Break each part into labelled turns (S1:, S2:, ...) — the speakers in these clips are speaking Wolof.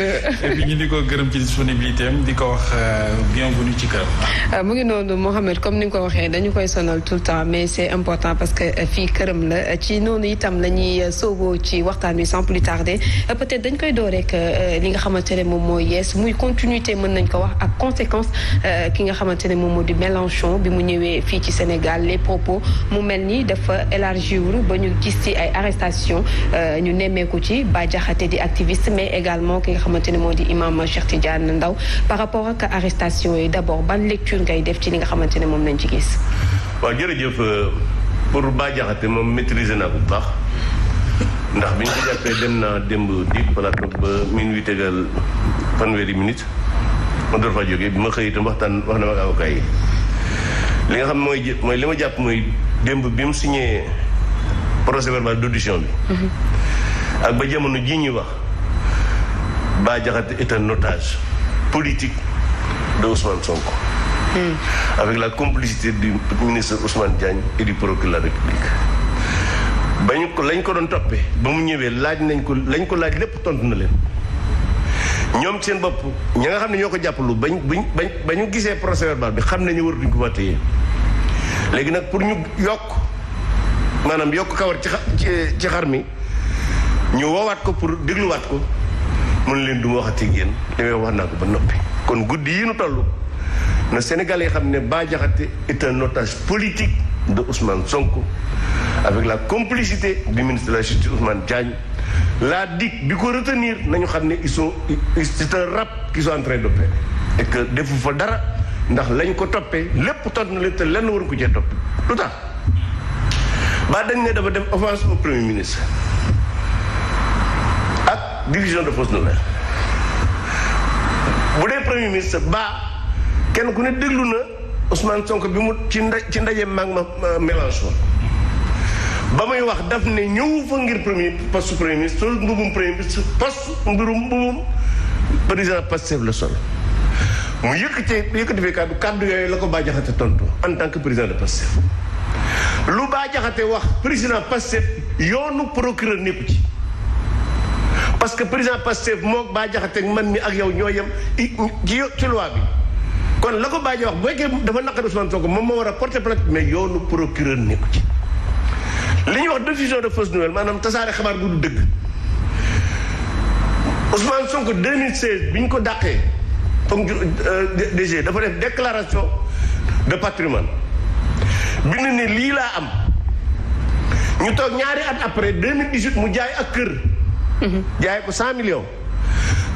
S1: et puis ñu di ko gërëm ci disponibilité am di ko wax euh, bienvenue ci këram. Euh, mu ngi noonu Mohamed comme ni nga ko waxee dañu koy sonal tout le temps mais c' important parce que euh, fii këram la ci noonu itam la ñuy soogoo ci waxtaan wi sans plus tarder peut être dañ koy door rek li nga xamante ne moom mooy yees muy continuité mën nañ ko wax ak conséquence ki nga xamante ne moom moo di Mélenchon bi mu ñëwee fii ci Sénégal les propos mu mel ni dafa élargir ba ñu gis ci ay arrestation ñu nemmeeku ci ba jaxate di mais également ki xamante ne moo di imam Cheikh Tidiane Ndao par rapport ak arrestation yi d' abord ban lecture ngay def ci li nga xamante ne moom lañ ci gis.
S2: waaw jërëjëf euh, pour Bah Diakhaté moom maîtriser naa ko bu baax ndax bi ñu ko jàppee dem naa démb di plateau ba minuit tegal fanweeri minute ma door fa jógee bi ma xëy itam waxtaan wax na ma ak avocat yi li nga xam mooy mooy li ma jàpp mooy démb bi mu signé procès verbal d' bi. Mm-hmm. ak ba jamono jii ñuy wax. Bah Diakhaté est notage otage politique de Ousmane Sonko. Hmm. avec la complicité du ministre Ousmane Diagne et du procureur République. ba ñu ko lañ ko doon toppee ba mu ñëwee laaj nañ ko lañ ko laaj lépp tontu na leen. ñoom seen bopp ña nga xam ne ñoo ko jàppalu bañ bañ ba ñu gisee procès verbal bi xam nañu war duñ ko fa téye léegi nag pour ñu yokk maanaam yokk kawar ci ci xar mi ñu woowaat ko pour dégluwaat ko. mën leen du ma waxati ak yéen li may wax naa ko ba noppi. kon guddi yi nu toll na Sénégal yi xam ne Bah Diakhaté est un otage politique de Ousmane Sonko avec la complicité du ministre de la justice Ousmane Diagne la DIC bi ko retenir nañu xam ne ils sont c'est un rap qu'ils sont en train d'opérer et que defu fa dara ndax lañ ko toppee lépp tont na leen te lenn waru ko cee topp lu tax ba dañ ne dafa def offense au premier ministre diffusion de fausses nouvelles bu dee premier ministre ba kenn ku ne déglu na Ousmane Sonko bi mu ci nda ci ndaje mag ma Mélenchon ba muy wax daf ne ñëw fa ngir premier poste premier ministre sol mbubum premier ministre poste mbirum mbubum président Pastef la sol mu yëkkatee yëkkati fee kàddu kàddu yooyu la ko Bah Diakhaté tontu en tant que président de Pastef lu Bah Diakhaté wax président Pastef yoonu procureur nekku ci parce que président Pastef moom Bah Diakhaté man mi ak yow ñoo yem ci ci bi kon la ko bàyyi wax bu fekkee dafa naqari Ousmane Sonko moom moo war a porter plainte mais yoonu procureur nekku ci li ñuy wax décision de fausse nouvelle maanaam tasaare xabaar bu du dëgg Ousmane Sonko 2016 bi ñu ko dàqee comme euh, DG dafa def déclaration de patrimoine bind ni lii laa am ñu toog ñaari at après 2018 mu jaay ak kër jaay ko cent millions.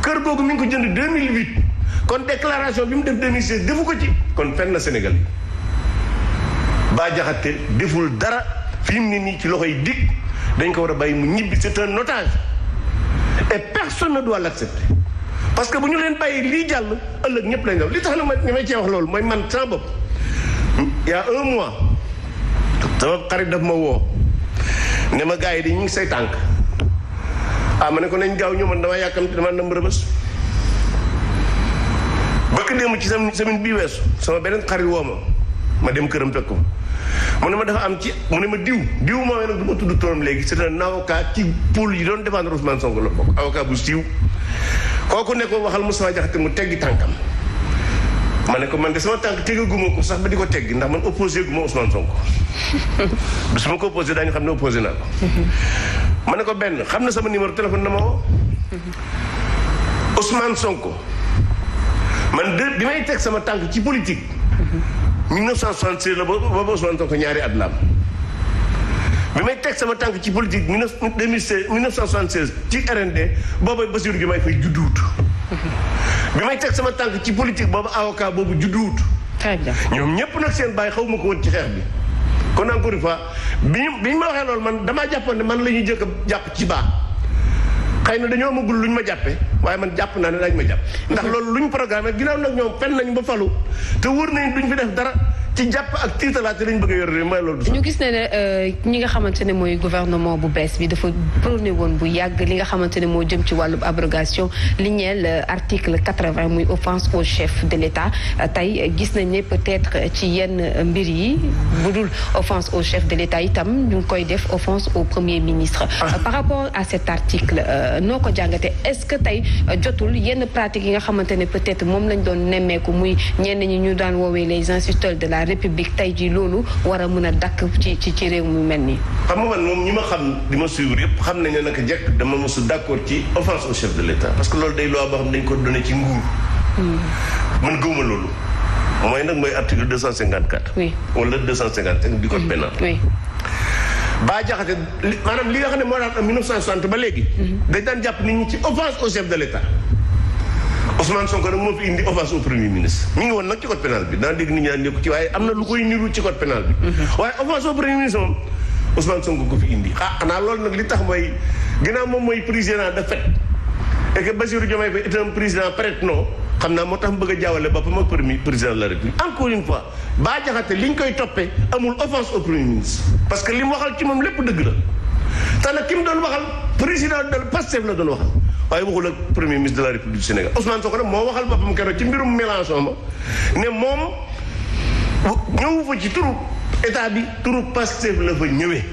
S2: kër googu mu ngi ko jënd deux mille huit kon déclaration bi mu def deux mille seize defu ko ci kon fenn na Sénégal yi Bah deful dara fi mu ne nii ci loxo yi dikk dañ ko war a bàyyi mu ñibbi c'est un notage et personne ne doit l'accepter parce que bu ñu leen bàyyi lii jàll ëllëg ñëpp lañ daw li tax na ma may cee wax loolu may man sama bopp il y a un mois sama xarit daf ma woo ne ma gars yi di ñu ngi say tànk ah ma ne ko nañ gaaw ñëw man damaa yàkkamti damaa nam rëbës bëkk démb ci sam semaine bi weesu sama beneen xarit woo ma ma dem këram fekk ko mu ne ma dafa am ci mu ne ma diw diw moomee nag du ma tudd turam léegi c'est un avocat ci pool yi doon défendre Ousmane Sonko la bokk avocat bu siiw kooku ne ko waxal Moustapha Diakhaté mu teggi tànkam ma ne ko man de sama tànk tegaguma ko sax ba di ko teggi ndax man opposé guma Ousmane Sonko su ma ko opposé daañu xam ne opposé naa ko ma ne ko benn xam na sama numéro téléphone na ma woo Sonko man de bi may teg sama tànk ci politique 1966 la booba Ousmane Sonko ñaari at la am bi may teg sama tànk ci politique 1976 1976 ci RND booba Bassirou Diomaye Faye judduwut bi may teg sama tànk ci politique booba avocat boobu judduwut ñoom ñépp nag seen bàyyi xaw ma ko woon ci xeex bi kon encore une fois bi ñu ma waxee loolu man damaa jàppoon ne man la ñuy jëkk jàpp ci baax xëy na dañoo amagul lu ñu ma jàppee waaye man jàpp naa ne dañ ma jàpp ndax loolu lu ñu programme ginaaw nag ñoom fen nañu ba falu te wóor nañu ñu fi def dara ci jàpp ak tiitalaat lañ bëgg a yor réew mooy loolu. ñu gis
S1: ne ne euh, ñi nga xamante ne mooy gouvernement bu bees bi dafa prôné woon bu yàgg li nga xamante ne moo jëm ci wàllub abrogation li ñeel euh, article quatre-vingt muy offense au chef de l'État euh, tey gis nañ ne peut-être ci yenn mbir yi bu dul offense au chef de l'État itam ñu ngi koy def offense au premier ministre. Ah. par rapport à cet article noo ko jàngate est-ce que tey jotul yenn pratiques yi nga xamante ne peut-être moom lañ doon nemmeeku muy ñenn ñi ñu daan woowee les insulteurs de la république tey jii loolu war a mën a dakk ci ci ci réew mu mel nii.
S2: xam nga man moom ñi ma xam di ma suivre yëpp xam nañ ne naka jekk dama mosu d' accord ci offense au chef de l' parce que loolu day loi boo xam dañ ko donné ci nguur. Hmm. man gëwuma loolu. mooy nag mooy article deux cent cinquante quatre. oui wala deux cent cinquante cinq du code hmm. pénal. oui. jaxate maanaam li nga xam ne moo daan am 1960 ba léegi. Hmm. dañ daan jàpp nit ñi ci offense au chef de l' Ousmane Sonko nag moo fi indi offense au premier ministre mi ngi woon nag ci code bi daan dégg nit ñaa nekku waaye am na lu koy niru ci code pénal bi mhm. waaye offense au premier ministre moom Ousmane Sonko ko fi indi ah xanaa loolu nag li tax mooy ginnaaw moom mooy président de fait et que Bassirou Diomaye Faye président prête-nom xam naa moo tax mu bëgg a jaawale boppam ak président la république encore une fois Bah Diakhaté li ñu koy toppee amul offense au premier moom lépp dëgg la te nag ki mu doon waxal président de Pastef la waaye waxul ak premier ministre de la république du Sénégal Ousmane Sonko nag moo waxal boppam keroog ci mbirum Mélenchon ma ne moom ñëwu fa ci turu état bi turu Pastef la fa ñëwee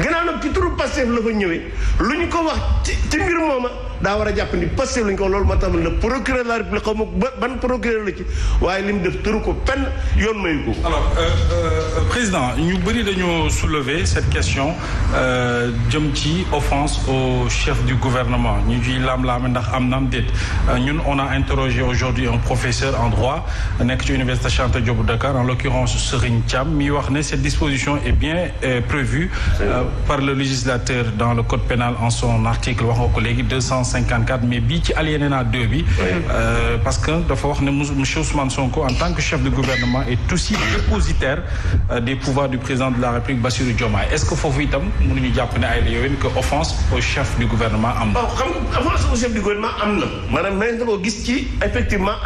S2: gannaaw nag ci turu Pastef la fa ñëwee lu ñu ko wax ci ci mbir mooma daa war a jàpp ni passé lañ ko loolu moo tax le procureur de la république xaw ma ban procureur la ci waaye li def turu ko penn yoon mayu ko. alors euh, euh, président ñu bëri dañoo soulever cette question euh, jëm ci offense au chef du gouvernement ñu ciy laam-laame ndax am na am déet euh, ñun on a interrogé aujourd'hui un professeur en droit nekk ci université Cheikh Anta Diop Dakar en l'occurrence Serigne Thiam mi wax ne cette disposition est bien euh, prévue par le législateur dans le code pénal en son article wax nga ko léegi deux cent 154 mais bii ci alinéa 2 bi. Euh, parce que dafa wax ne monsieur Ousmane Sonko en tant que chef de gouvernement est aussi dépositaire euh, des pouvoirs du président de la République Bassirou Diomaye est-ce que foofu itam mënuñu jàpp ne ay la yowin que au chef du gouvernement am na. waaw oh, xam nga offense au chef du gouvernement am gis ci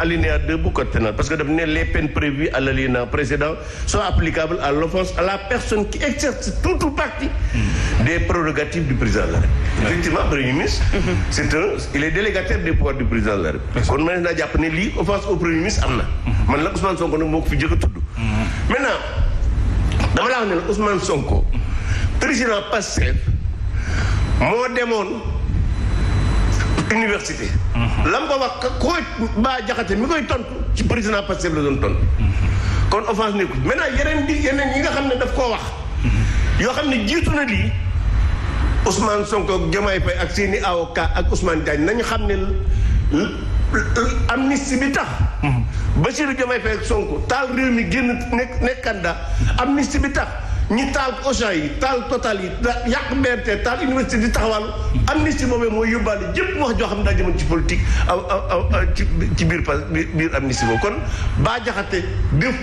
S2: alinéa bu code pénal parce que daf ne les peines prévues à l'alinéa précédent sont applicables à l'offense à la personne qui exerce tout ou partie hmm. des prérogatives la c'est un il est délégataire des pouvoirs du président de la République. kon mën naa jàpp ne lii offense au premier ministre am na. man la Ousmane Sonko nag moo ko fi jëkk a tudd. maintenant dama la wax ne la Ousmane Sonko président Pastef moo demoon université. la mu ko wax koo baa jaxate mi koy tontu ci président Pastef la doon tontu. kon offense nekkul maintenant yeneen di yeneen yi nga xam ne daf koo wax. yoo xam ne jiitu na lii. Ousmane Sonko Diomaye Faye ak seeni avocat ak Ousmane Diagne nañu xam ne amnistie bi tax mhm. Bassirou Diomaye Faye ak Sonko taal réew mi génn nekk nekk am amnistie bi tax ñi taal Auchan yi taal Total yi yàq BRT taal université di taxawal amnistie boobee mooy yóbbaale jëpp wax joo xam ne ci politique ci biir pa biir amnistie boobu kon Bah Diakhaté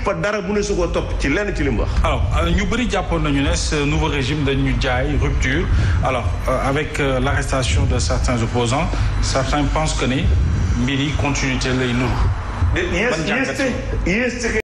S2: fa dara bu ne su ko topp ci lenn ci li mu wax. alors euh, ñu bëri jàppoon nañu ne ce nouveau régime dañu jaay rupture alors euh, avec euh, l'arrestation de certains opposants certains pensent que ni mbir yi continuité lay nuru.